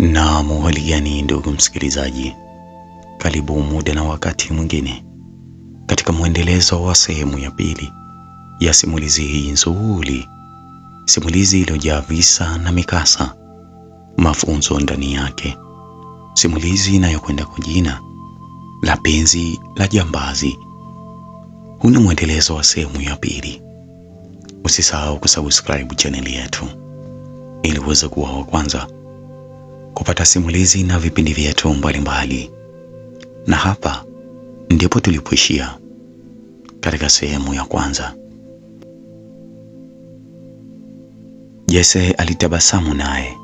Na muhali gani, ndugu msikilizaji, karibu muda na wakati mwingine katika mwendelezo wa sehemu ya pili ya simulizi hii nzuri, simulizi iliyojaa visa na mikasa, mafunzo ndani yake, simulizi inayokwenda kwa jina la Penzi la Jambazi. Huu ni mwendelezo wa sehemu ya pili. Usisahau kusubscribe chaneli yetu ili uweze kuwa wa kwanza kupata simulizi na vipindi vyetu mbalimbali, na hapa ndipo tulipoishia katika sehemu ya kwanza. Jesse alitabasamu naye.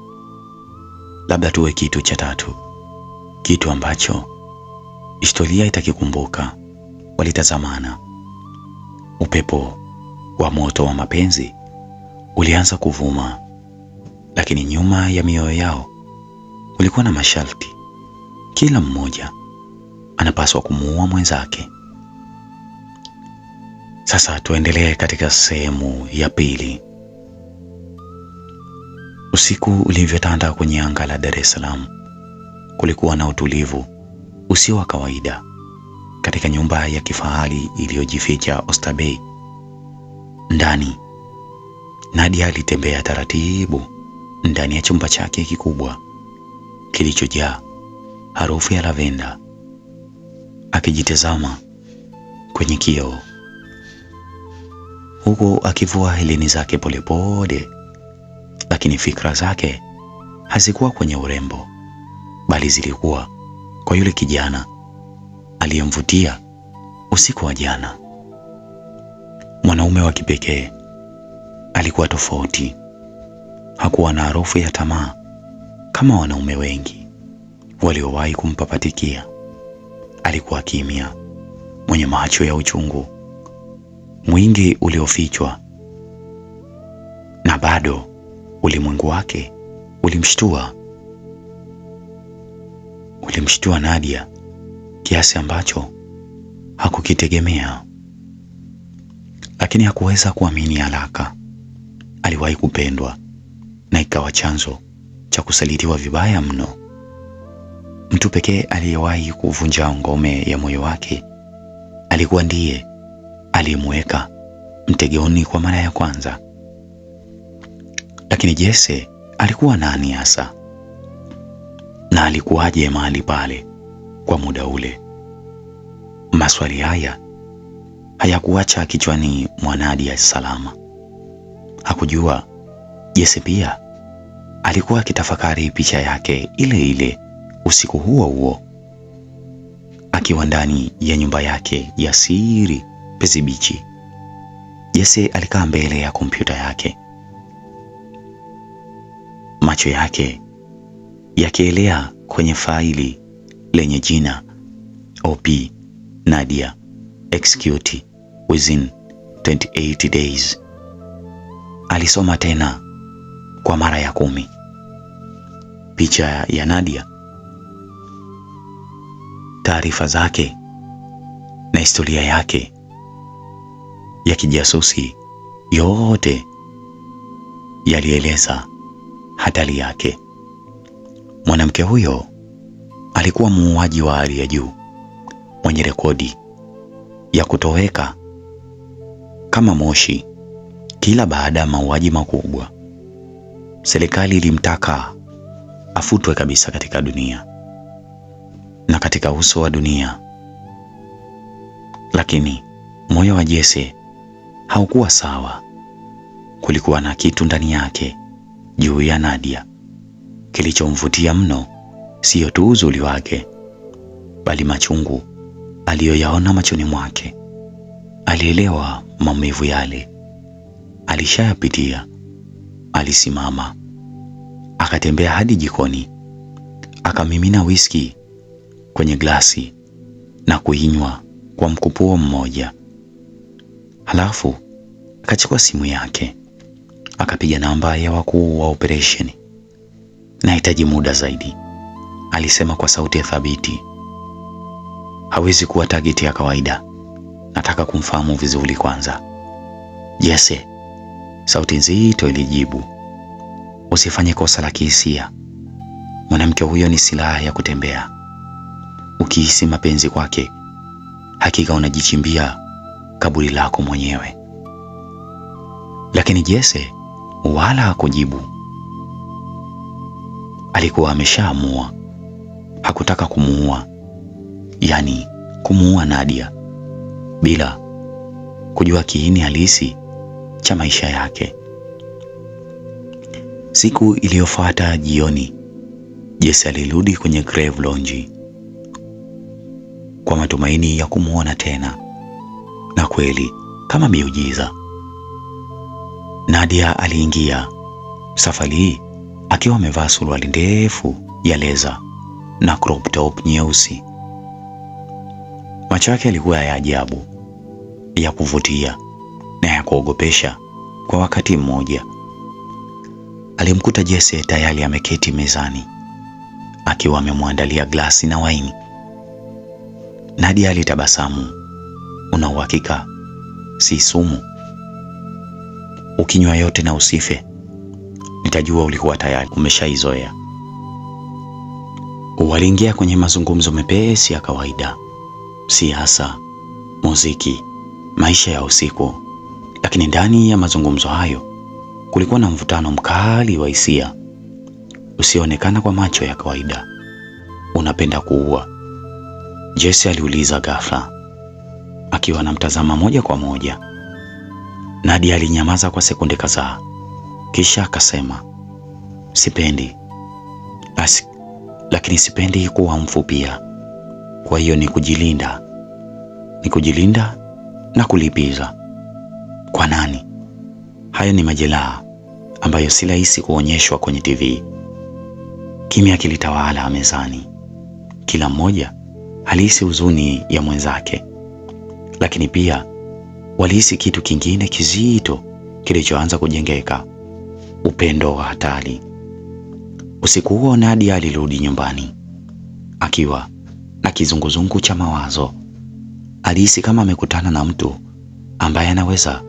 Labda tuwe kitu cha tatu, kitu ambacho historia itakikumbuka. Walitazamana. Upepo wa moto wa mapenzi ulianza kuvuma, lakini nyuma ya mioyo yao ulikuwa na masharti. Kila mmoja anapaswa kumuua mwenzake. Sasa tuendelee katika sehemu ya pili. Usiku ulivyotanda kwenye anga la Dar es Salaam, kulikuwa na utulivu usio wa kawaida katika nyumba ya kifahari iliyojificha Oysterbay. Ndani Nadia alitembea taratibu ndani ya chumba chake kikubwa kilichojaa harufu ya lavenda, akijitazama kwenye kioo huku akivua heleni zake polepole, lakini fikra zake hazikuwa kwenye urembo, bali zilikuwa kwa yule kijana aliyemvutia usiku wa jana. Mwanaume wa kipekee alikuwa tofauti. Hakuwa na harufu ya tamaa kama wanaume wengi waliowahi kumpapatikia. Alikuwa kimya, mwenye macho ya uchungu mwingi uliofichwa, na bado ulimwengu wake ulimshtua ulimshtua Nadia kiasi ambacho hakukitegemea, lakini hakuweza kuamini haraka. Aliwahi kupendwa na ikawa chanzo cha kusalitiwa vibaya mno. Mtu pekee aliyewahi kuvunja ngome ya moyo wake alikuwa ndiye aliyemweka mtegeoni kwa mara ya kwanza. Lakini Jesse alikuwa nani hasa, na alikuwaje mahali pale kwa muda ule? Maswali haya hayakuacha kichwani mwa Nadia salama. Hakujua Jesse pia alikuwa akitafakari picha yake ile ile usiku huo huo akiwa ndani ya nyumba yake ya siri Mbezi Jesse alikaa mbele ya kompyuta yake, macho yake yakielea kwenye faili lenye jina OP Nadia execute within 28 days. Alisoma tena kwa mara ya kumi picha ya Nadia, taarifa zake na historia yake ya kijasusi, yote yalieleza hatari yake. Mwanamke huyo alikuwa muuaji wa hali ya juu mwenye rekodi ya kutoweka kama moshi kila baada ya mauaji makubwa. Serikali ilimtaka afutwe kabisa katika dunia na katika uso wa dunia. Lakini moyo wa Jese haukuwa sawa. Kulikuwa na kitu ndani yake juu ya Nadia kilichomvutia mno, siyo tu uzuri wake, bali machungu aliyoyaona machoni mwake. Alielewa maumivu yale, alishayapitia. Alisimama Akatembea hadi jikoni akamimina whisky kwenye glasi na kuinywa kwa mkupuo mmoja. Halafu akachukua simu yake akapiga namba ya wakuu wa operation. Nahitaji muda zaidi, alisema kwa sauti ya thabiti. Hawezi kuwa tageti ya kawaida, nataka kumfahamu vizuri kwanza. Jesse, sauti nzito ilijibu. Usifanye kosa la kihisia. Mwanamke huyo ni silaha ya kutembea. Ukihisi mapenzi kwake, hakika unajichimbia kaburi lako mwenyewe. Lakini Jesse wala hakujibu. Alikuwa ameshaamua, hakutaka kumuua, yaani kumuua Nadia bila kujua kiini halisi cha maisha yake. Siku iliyofuata jioni, Jesse alirudi kwenye Grave Lounge kwa matumaini ya kumwona tena, na kweli kama miujiza, Nadia aliingia, safari hii akiwa amevaa suruali ndefu ya leza na crop top nyeusi. Macho yake yalikuwa ya ajabu, ya kuvutia na ya kuogopesha kwa wakati mmoja alimkuta Jesse tayari ameketi mezani akiwa amemwandalia glasi na waini. Nadia alitabasamu. Una uhakika si sumu? Ukinywa yote na usife, nitajua ulikuwa tayari umeshaizoea. Waliingia kwenye mazungumzo mepesi ya kawaida, siasa, muziki, maisha ya usiku, lakini ndani ya mazungumzo hayo Kulikuwa na mvutano mkali wa hisia usioonekana kwa macho ya kawaida. Unapenda kuua? Jesse aliuliza ghafla, akiwa anamtazama moja kwa moja. Nadia alinyamaza kwa sekunde kadhaa, kisha akasema, sipendi basi, lakini sipendi kuwa mfu pia. Kwa hiyo ni kujilinda, ni kujilinda na kulipiza. Kwa nani? Hayo ni majeraha ambayo si rahisi kuonyeshwa kwenye TV. Kimya kilitawala mezani, kila mmoja alihisi huzuni ya mwenzake, lakini pia walihisi kitu kingine kizito kilichoanza kujengeka, upendo wa hatari. Usiku huo Nadia alirudi nyumbani akiwa na kizunguzungu cha mawazo. Alihisi kama amekutana na mtu ambaye anaweza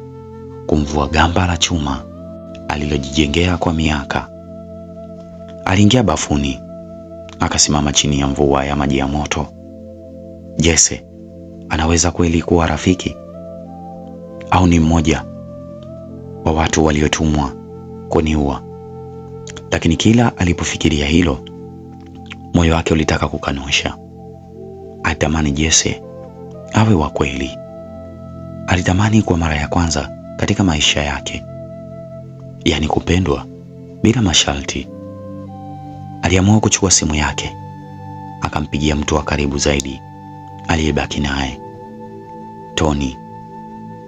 kumvua gamba la chuma alilojijengea kwa miaka. Aliingia bafuni akasimama chini ya mvua ya maji ya moto. Jesse anaweza kweli kuwa rafiki au ni mmoja wa watu waliotumwa kuniua? Lakini kila alipofikiria hilo, moyo wake ulitaka kukanusha. Alitamani Jesse awe wa kweli. Alitamani kwa mara ya kwanza katika maisha yake yani kupendwa bila masharti. Aliamua kuchukua simu yake akampigia mtu wa karibu zaidi aliyebaki naye, Tony,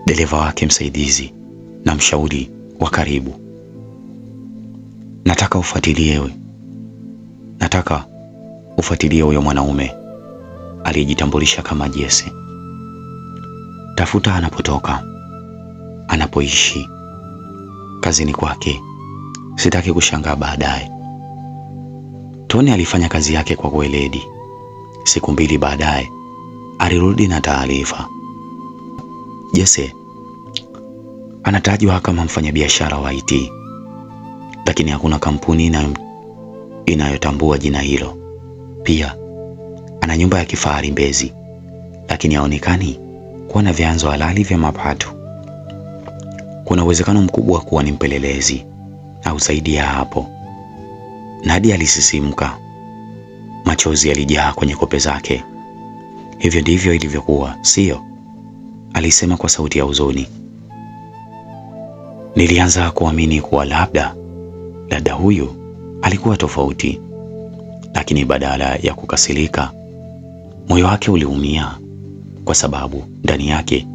dereva wake msaidizi na mshauri wa karibu. Nataka ufuatilie, nataka ufuatilie huyo mwanaume aliyejitambulisha kama Jesse. Tafuta anapotoka, anapoishi kazini kwake. Sitaki kushangaa baadaye. Tony alifanya kazi yake kwa weledi. Siku mbili baadaye alirudi na taarifa. Jesse anatajwa kama mfanyabiashara wa IT, lakini hakuna kampuni inayotambua jina hilo. Pia ana nyumba ya kifahari Mbezi, lakini haonekani kuwa na vyanzo halali vya mapato kuna uwezekano mkubwa kuwa ni mpelelezi au zaidi ya hapo. Nadia alisisimka, machozi yalijaa kwenye kope zake. Hivyo ndivyo ilivyokuwa, sio? Alisema kwa sauti ya huzuni. Nilianza kuamini kuwa labda dada huyu alikuwa tofauti, lakini badala ya kukasirika, moyo wake uliumia, kwa sababu ndani yake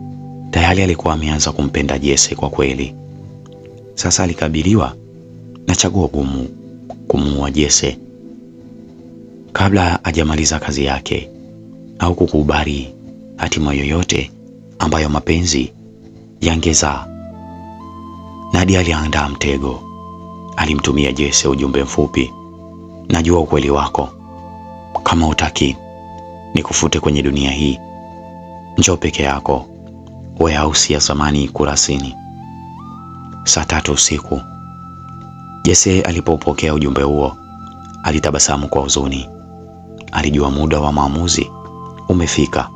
Tayari alikuwa ameanza kumpenda Jesse kwa kweli. Sasa alikabiliwa na chaguo gumu, kumuua Jesse kabla hajamaliza kazi yake au kukubali hatima yoyote ambayo mapenzi yangezaa. Nadia aliandaa mtego. Alimtumia Jesse ujumbe mfupi, najua ukweli wako, kama utaki nikufute kwenye dunia hii, njoo peke yako warehouse ya zamani Kurasini saa tatu usiku. Jesse alipopokea ujumbe huo alitabasamu kwa huzuni. Alijua muda wa maamuzi umefika.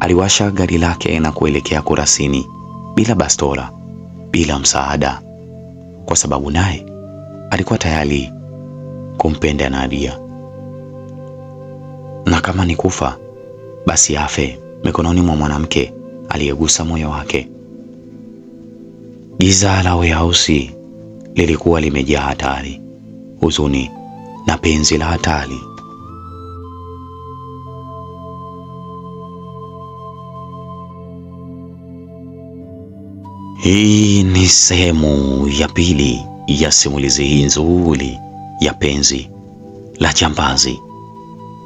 Aliwasha gari lake na kuelekea Kurasini bila bastola, bila msaada, kwa sababu naye alikuwa tayari kumpenda Nadia, na kama ni kufa basi afe mikononi mwa mwanamke aliyegusa moyo wake. Giza la Weyahausi lilikuwa limejaa hatari, huzuni na penzi la hatari. Hii ni sehemu ya pili ya simulizi hii nzuri ya penzi la jambazi.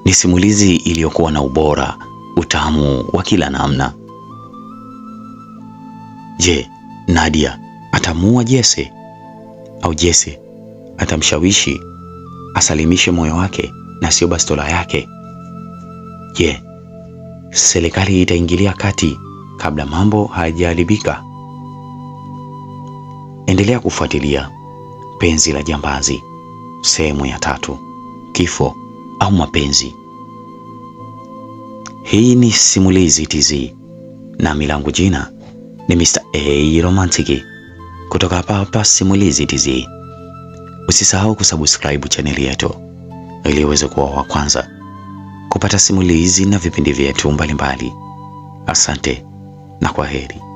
Ni simulizi iliyokuwa na ubora, utamu wa kila namna, Je, Nadia atamuua Jesse au Jesse atamshawishi asalimishe moyo wake na sio bastola yake? Je, serikali itaingilia kati kabla mambo hayajaharibika? Endelea kufuatilia Penzi la Jambazi sehemu ya tatu, Kifo au Mapenzi. Hii ni Simulizi Tz na milango jina ni Mr. A Romantic kutoka hapa hapa Simulizi Tz. Usisahau kusubscribe chaneli yetu ili uweze kuwa wa kwanza kupata simulizi na vipindi vyetu mbalimbali. Asante na kwa heri.